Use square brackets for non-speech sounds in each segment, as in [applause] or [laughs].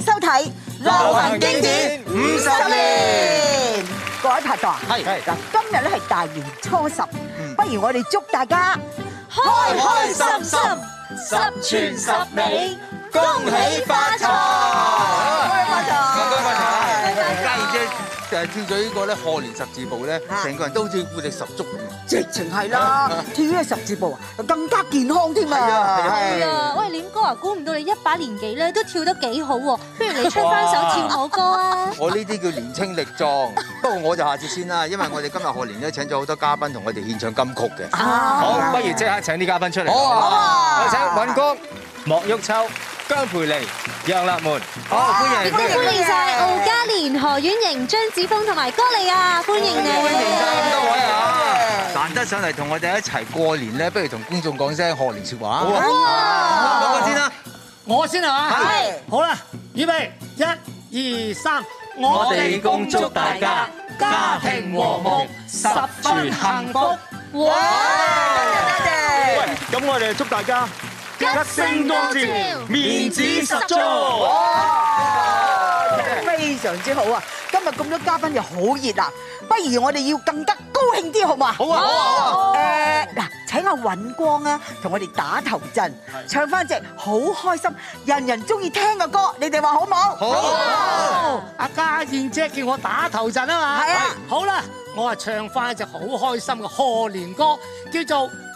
收睇流行經典五十年，各位拍檔，係嗱，今日咧係大年初十，不如我哋祝大家開開心心，十全十美，恭喜發財。就係跳咗呢個咧，賀年十字步咧，成個人都好似活力十足，咁，直情係啦！跳呢十字步啊，更加健康添啊！係啊，喂，廉哥啊，估唔到你一把年紀咧，都跳得幾好喎！不如你出翻首跳舞歌啊！我呢啲叫年輕力壯，不過我就下次先啦，因為我哋今日賀年咧請咗好多嘉賓同我哋獻唱金曲嘅，好，不如即刻請啲嘉賓出嚟。好，有請尹哥、莫旭秋。姜蓓莉、楊立門，好歡迎！亦、啊、都歡迎晒敖嘉年、何婉盈、張子豐同埋歌莉雅，歡迎你！歡迎咁多位啊！難得上嚟同我哋一齊過年咧，不如同觀眾講聲賀年說話。好啊，我講我先啦，我先係嘛？係，好啦，預備，一、二、三，我哋恭祝大家家庭和睦，十分幸福。哇！咁多謝多謝喂我哋祝大家。Thank 吉星高照，面子十足，十足非常之好啊！今日咁多嘉賓又好熱啊，不如我哋要更加高興啲好嗎？好啊！好啊！誒、哦，嗱、呃，請阿尹光啊，同我哋打頭陣，的唱翻隻好開心、人人鍾意聽嘅歌，你哋話好冇？好、啊！阿、啊、家燕姐叫我打頭陣啊嘛，係啊的！的好啦，我啊，唱翻一隻好開心嘅賀年歌，叫做。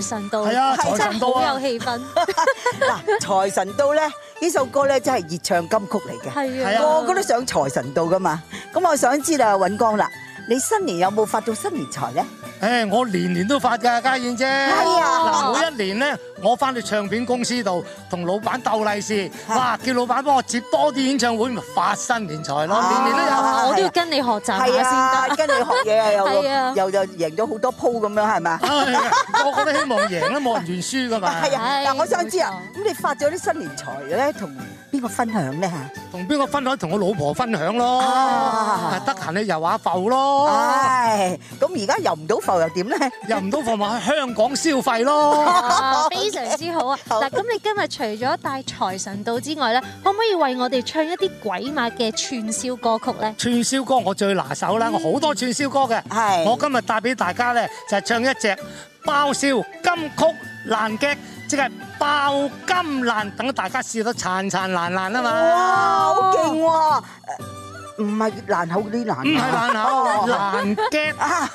財神到，啊對，真係好有氣氛。嗱， [laughs] 財神到咧，呢首歌咧真係熱唱金曲嚟嘅，係啊了，個個都想財神到噶嘛。咁我想知啦，尹光啦，你新年有冇發到新年財咧？誒、哎，我年年都發噶，家燕姐，嗱、啊、每一年咧，我翻去唱片公司度同老闆鬥利是、啊，哇！叫老闆幫我接多啲演唱會，咪發新年財咯，啊、年年都有、啊。我都要跟你學習，係啊，跟你學嘢啊，又又又贏咗好多鋪咁樣，係咪、啊、我覺得希望贏都冇人願輸噶嘛。係啊，嗱、啊，我想知啊，咁錯你發咗啲新年財咧，同？邊個分享咧？同邊個分享？同我老婆分享咯。得閒你遊下浮咯。咁，而家遊唔到浮又點咧？遊唔到浮咪去香港消費咯。非常之好啊！嗱，咁你今日除咗帶財神到之外咧，可唔可以為我哋唱一啲鬼馬嘅串燒歌曲咧？串燒歌我最拿手啦，我好多串燒歌嘅。係。我今日帶俾大家咧，就係唱一隻爆笑金曲《爛劇》。即係爆金爛，等大家笑得殘殘爛爛，啊嘛！哇，好勁喎、啊！唔係爛口嗰啲爛，爛口，爛驚、哦、劫啊！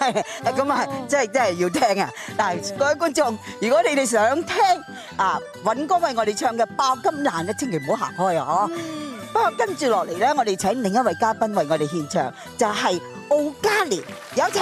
咁啊，即係即係要聽啊！是的但係各位觀眾，如果你哋想聽啊，尹哥為我哋唱嘅爆金爛咧，千祈唔好行開啊！嗬、嗯！不過跟住落嚟咧，我哋請另一位嘉賓為我哋獻唱，就係敖嘉年，有請。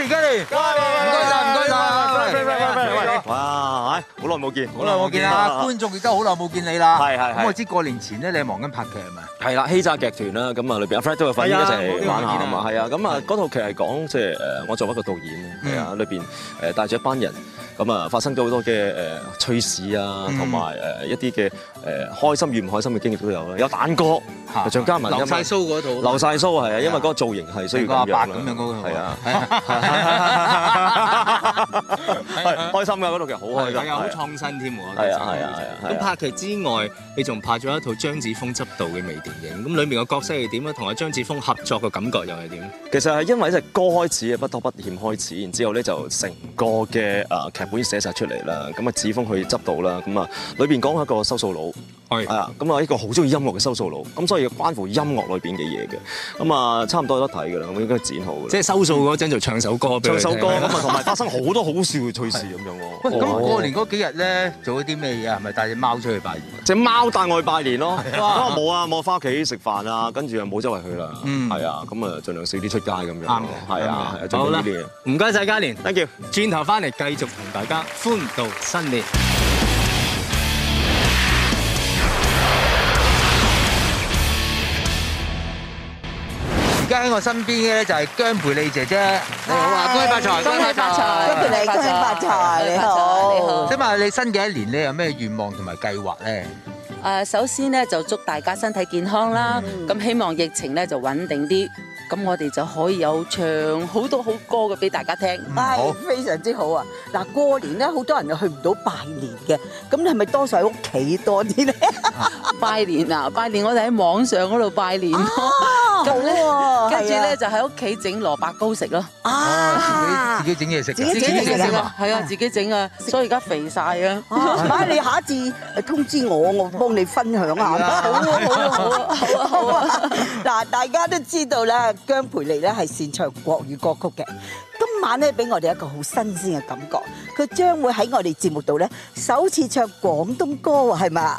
而家嚟，唔該曬，唔該曬，喂喂哇，好耐冇見，好耐冇見啊！觀眾亦都好耐冇見你啦，係係係。我知過年前咧，你係忙緊拍劇係咪？係啦，欺詐劇團啦，咁啊，裏邊阿 Fred 都有份一齊玩下嘛，係啊。咁啊，嗰套劇係講即係誒，我作為一個導演，係啊，裏邊誒帶住一班人。咁啊，發生咗好多嘅誒趣事啊，同埋一啲嘅開心與唔開心嘅經歷都有啦。有蛋歌，阿蔣家文留曬須嗰套，留曬須係啊，因為嗰個造型係需要咁樣。白咁樣嗰個係啊，開心㗎嗰套劇好開心，好創新添。係啊係啊，咁拍劇之外，你仲拍咗一套張子豐執導嘅微電影。咁裏面嘅角色係點樣？同阿張子豐合作嘅感覺又係點？其實係因為一隻歌開始嘅，不拖不欠開始，然之後咧就成個嘅劇。本寫曬出嚟啦，咁啊子豐去執到啦，咁啊裏邊講一個收數佬。係，啊，咁啊一個好中意音樂嘅收數佬，咁所以要關乎音樂裏邊嘅嘢嘅，咁啊差唔多有得睇㗎喇，我應該剪好嘅。即係收數嗰陣就唱首歌，唱首歌，咁啊同埋發生好多好笑嘅趣事咁樣喎。咁過年嗰幾日咧做咗啲咩嘢啊？係咪帶隻貓出去拜年？隻貓帶我去拜年咯，咁冇啊，冇啊，返屋企食飯啊，跟住又冇周圍去啦，係啊，咁啊盡量少啲出街咁樣，係啊，係啊，做好啦，唔該晒，嘉年，thank you。轉頭返嚟繼續同大家歡度新年。而家喺我身邊嘅咧就係姜蓓莉姐姐，你好啊！的恭喜發財，恭喜你發財作，姜蓓莉，恭喜發財，你好，你好。你好，請問你新嘅一年你有咩願望同埋計劃咧？誒、呃，首先咧就祝大家身體健康啦，咁、嗯、希望疫情咧就穩定啲。咁我哋就可以有唱好多好歌嘅俾大家聽，係非常之好啊！嗱，過年咧，好多人又去唔到拜年嘅，咁你係咪多數喺屋企多啲咧？拜年啊，拜年我哋喺網上嗰度拜年，咁咧，跟住咧就喺屋企整蘿蔔糕食咯。啊，自己自己整嘢食，自己整嘢食啊，係啊，自己整啊，所以而家肥晒啊！啊，你下一次通知我，我幫你分享下，好啊，好啊，好啊，好啊！嗱，大家都知道啦。姜蓓莉咧係擅唱國語歌曲嘅，今晚咧俾我哋一個好新鮮嘅感覺，佢將會喺我哋節目度咧首次唱廣東歌喎，係嘛？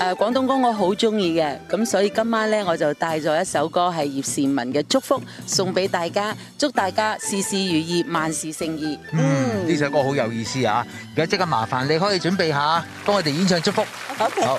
誒，廣東歌我好中意嘅，咁所以今晚咧我就帶咗一首歌係葉倩文嘅《祝福》送俾大家，祝大家事事如意，萬事勝意。嗯，呢首歌好有意思啊！而家即刻麻煩你可以準備下，幫我哋演唱《祝福》。好。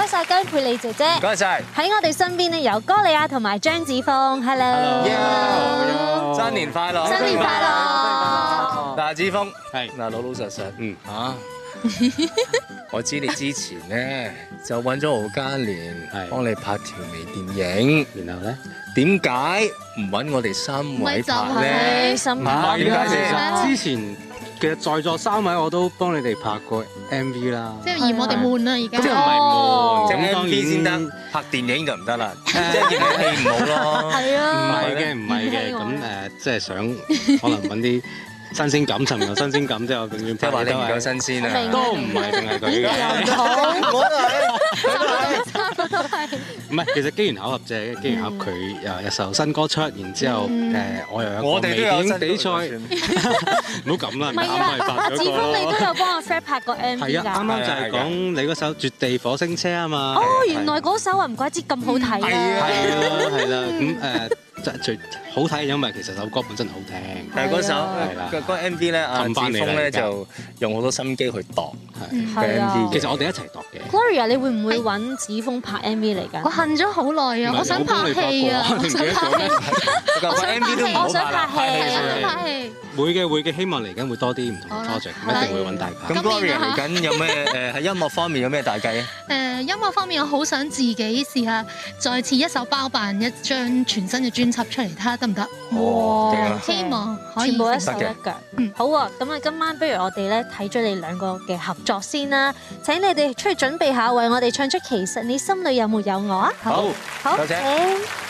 多謝姜蓓莉姐姐，多謝喺我哋身邊呢，有歌莉雅同埋張子豐。Hello，新年快樂，新年快樂，阿子豐係，嗱老老實實，嗯吓，我知你之前咧就揾咗敖嘉年係幫你拍條微電影，然後咧點解唔揾我哋三位拍咧？唔係點解之前。其實在座三位我都幫你哋拍過 MV 啦，即係嫌我哋悶啦而家，即係唔係悶，咁當然先得，拍電影就唔得啦，即係演戲唔好咯，係啊，唔係嘅，唔係嘅，咁誒，即係想可能揾啲。新鮮感，陳又新鮮感，即係我咁樣聽話都係新鮮啊，都唔係淨係佢嘅。唔係，其實機緣巧合啫，機緣巧合佢又一首新歌出，然之後誒，我又一個微電影比賽，唔好咁啦。子豐，你都有幫阿 Fred 拍個 M 嘅？係啊，啱啱就係講你嗰首《絕地火星車》啊嘛。哦，原來嗰首話唔怪之咁好睇啦。係啦，係啦，咁誒。真最好睇，因為其實首歌本身好聽，但係嗰首，嗰個 MV 咧，啊子豐咧就用好多心機去度，其實我哋一齊度嘅。Gloria，你會唔會揾子豐拍 MV 嚟㗎？我恨咗好耐啊，我想拍戲啊，我想拍戲，我想拍戲，我想拍戲。會嘅會嘅，希望嚟緊會多啲唔同嘅 project，對一定會揾大家。咁 Gloria 嚟緊有咩？誒，喺音樂方面有咩大計啊？誒、呃，音樂方面我好想自己試下再次一手包辦一張全新嘅專輯出嚟，睇下得唔得？哇、哦！希望可以。對一手一格。謝謝好啊。咁啊，今晚不如我哋咧睇咗你兩個嘅合作先啦，請你哋出去準備一下，為我哋唱出其實你心裏有冇有我啊？好，好，OK。好謝謝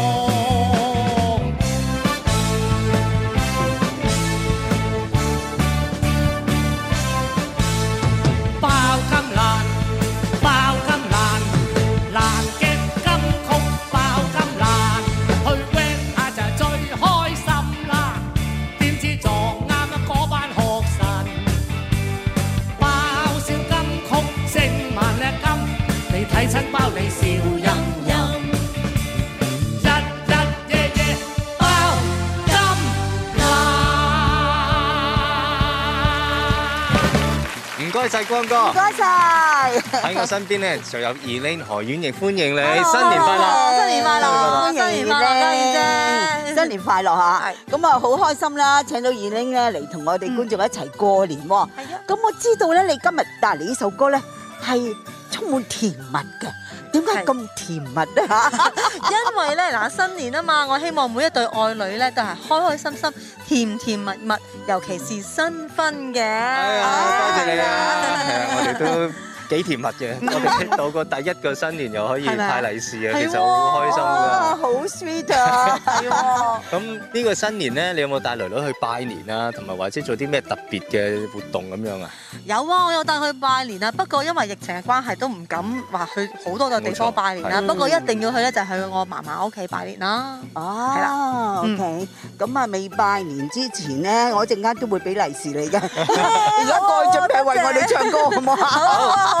謝光哥，唔該曬。喺我身邊咧就有二玲何婉盈，歡迎你，新年快樂，新年快樂，新年快樂，二玲姐，新年快樂嚇。咁啊，好開心啦！請到二玲咧嚟同我哋觀眾一齊過年。咁我知道咧，你今日帶嚟呢首歌咧係，滿甜蜜嘅，點解咁甜蜜咧？是 [laughs] 因為咧，嗱新年啊嘛，我希望每一對愛侶咧都係開開心心、甜甜蜜蜜，尤其是新婚嘅。哎呀，多謝你啊！係啊，我哋都。哎幾甜蜜嘅，我哋到個第一個新年又可以派利是嘅，其實好開心㗎。好 sweet 啊！咁呢個新年咧，你有冇帶女女去拜年啊？同埋或者做啲咩特別嘅活動咁樣啊？有啊，我有帶佢去拜年啊。不過因為疫情嘅關係，都唔敢話去好多個地方拜年啦。不過一定要去咧，就去我嫲嫲屋企拜年啦。哦，OK。咁啊，未拜年之前咧，我陣間都會俾利是你嘅。而家該準備為我哋唱歌，好冇啊！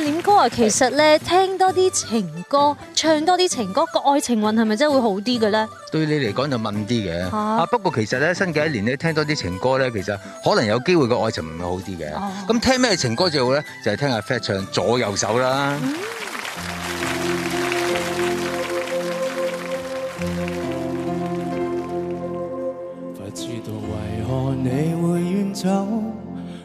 戀歌啊，其實咧，聽多啲情歌，唱多啲情歌，個愛情運係咪真係會好啲嘅咧？對你嚟講就問啲嘅，啊不過其實咧，新嘅一年咧，聽多啲情歌咧，其實可能有機會個愛情運會好啲嘅。咁、啊、聽咩情歌最好咧？就係、是、聽阿 Fat 唱左右手啦。嗯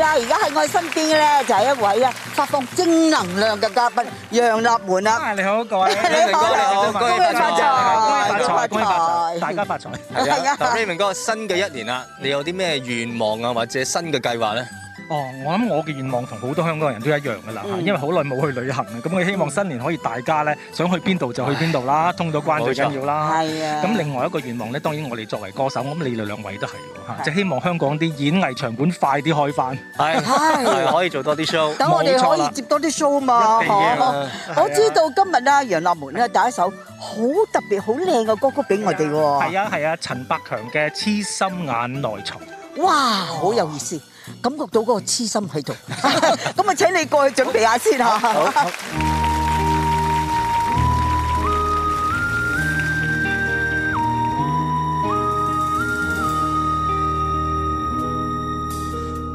啦！而家喺我身邊嘅咧就係一位啊，發放正能量嘅嘉賓楊立滿，啦，楊立門。你好，各位，你好，你好，恭喜發財，發財，大家發財，大家。Raymond 哥，新嘅一年啦，你有啲咩願望啊，或者新嘅計劃咧？哦，我諗我嘅願望同好多香港人都一樣噶啦，因為好耐冇去旅行嘅，咁我希望新年可以大家咧想去邊度就去邊度啦，通到關最緊要啦。係啊，咁另外一個願望咧，當然我哋作為歌手，咁你哋兩位都係嘅嚇，即係希望香港啲演藝場館快啲開翻，係係可以做多啲 show，等我哋可以接多啲 show 嘛嚇。我知道今日啊，楊立門咧帶一首好特別、好靚嘅歌曲俾我哋喎。係啊係啊，陳百強嘅《痴心眼內藏》。哇，好有意思！感覺到嗰個痴心喺度，咁啊請你過去準備下先嚇。好。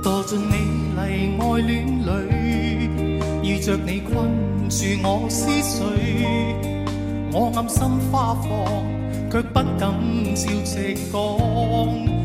墮進美麗愛戀裡，遇著你困住我思緒，我暗心花放，卻不敢照直講。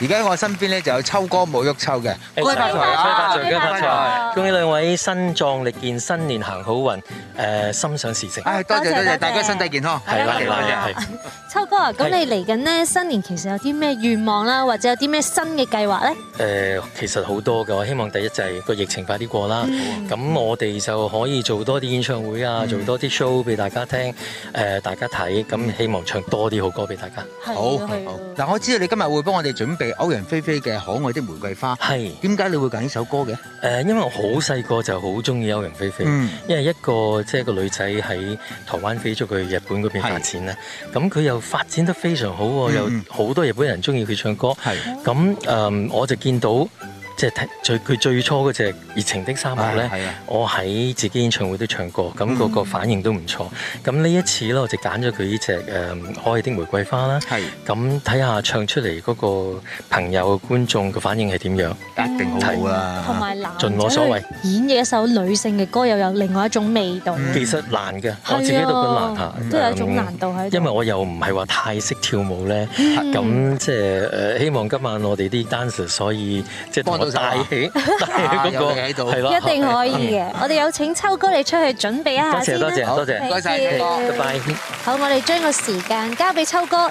而家我身邊咧，就有秋哥冇喐秋嘅，恭喜發財啊！恭喜發財，恭喜發財！恭喜兩位身壯力健，新年行好運，誒心想事成！多謝多謝大家身體健康，係啦，嚟啦，係。秋哥啊，咁你嚟緊呢，新年其實有啲咩願望啦，或者有啲咩新嘅計劃咧？誒，其實好多嘅，我希望第一就係個疫情快啲過啦。咁我哋就可以做多啲演唱會啊，做多啲 show 俾大家聽，誒大家睇。咁希望唱多啲好歌俾大家。好，嗱我知道你今日會幫我哋準備。歐陽菲菲嘅可愛的玫瑰花係，點解是你會揀呢首歌嘅？誒、呃，因為我好細個就好中意歐陽菲菲，嗯、因為一個即係、就是、個女仔喺台灣飛咗去日本嗰邊發展啦，咁佢是又發展得非常好，嗯、有好多日本人中意佢唱歌，咁誒是、呃，我就見到。即係最佢最初嗰隻熱情的沙漠咧，我喺自己演唱會都唱過，咁嗰個反應都唔錯。咁呢一次咧，我就揀咗佢依隻誒可愛的玫瑰花啦。咁睇下唱出嚟嗰個朋友觀眾嘅反應係點樣？一定好啦，同埋難，盡我所為。演嘅一首女性嘅歌，又有另外一種味道。其實難嘅，我自己都覺得難下，都有一種難度喺度。因為我又唔係話太識跳舞咧，咁即係誒希望今晚我哋啲 dancer，所以即係大起，喺度，係咯、啊，一定可以嘅。我哋有請秋哥你出去準備一下先啦。多謝，多謝，多謝，唔該晒，秋哥，拜。好，我哋將個時間交俾秋哥。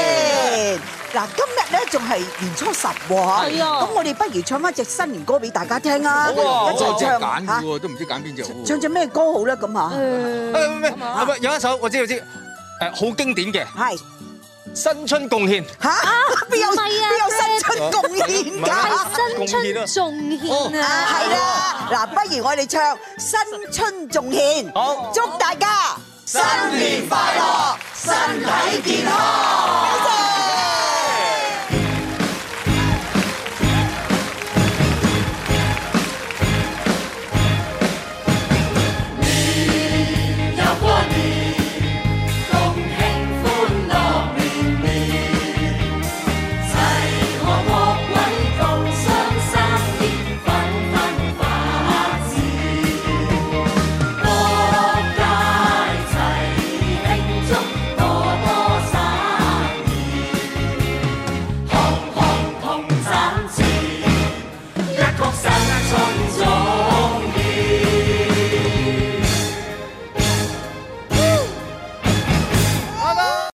嗱，今日咧仲係年初十喎嚇，咁我哋不如唱翻隻新年歌俾大家聽啊！一齊唱嚇，都唔知揀邊隻。唱隻咩歌好咧？咁嚇。唔係唔係，有一首我知我知，誒好經典嘅。係新春頌獻嚇，邊有邊有新春頌獻㗎？新春頌獻啊！係啦，嗱，不如我哋唱新春頌獻，祝大家新年快樂，身體健康。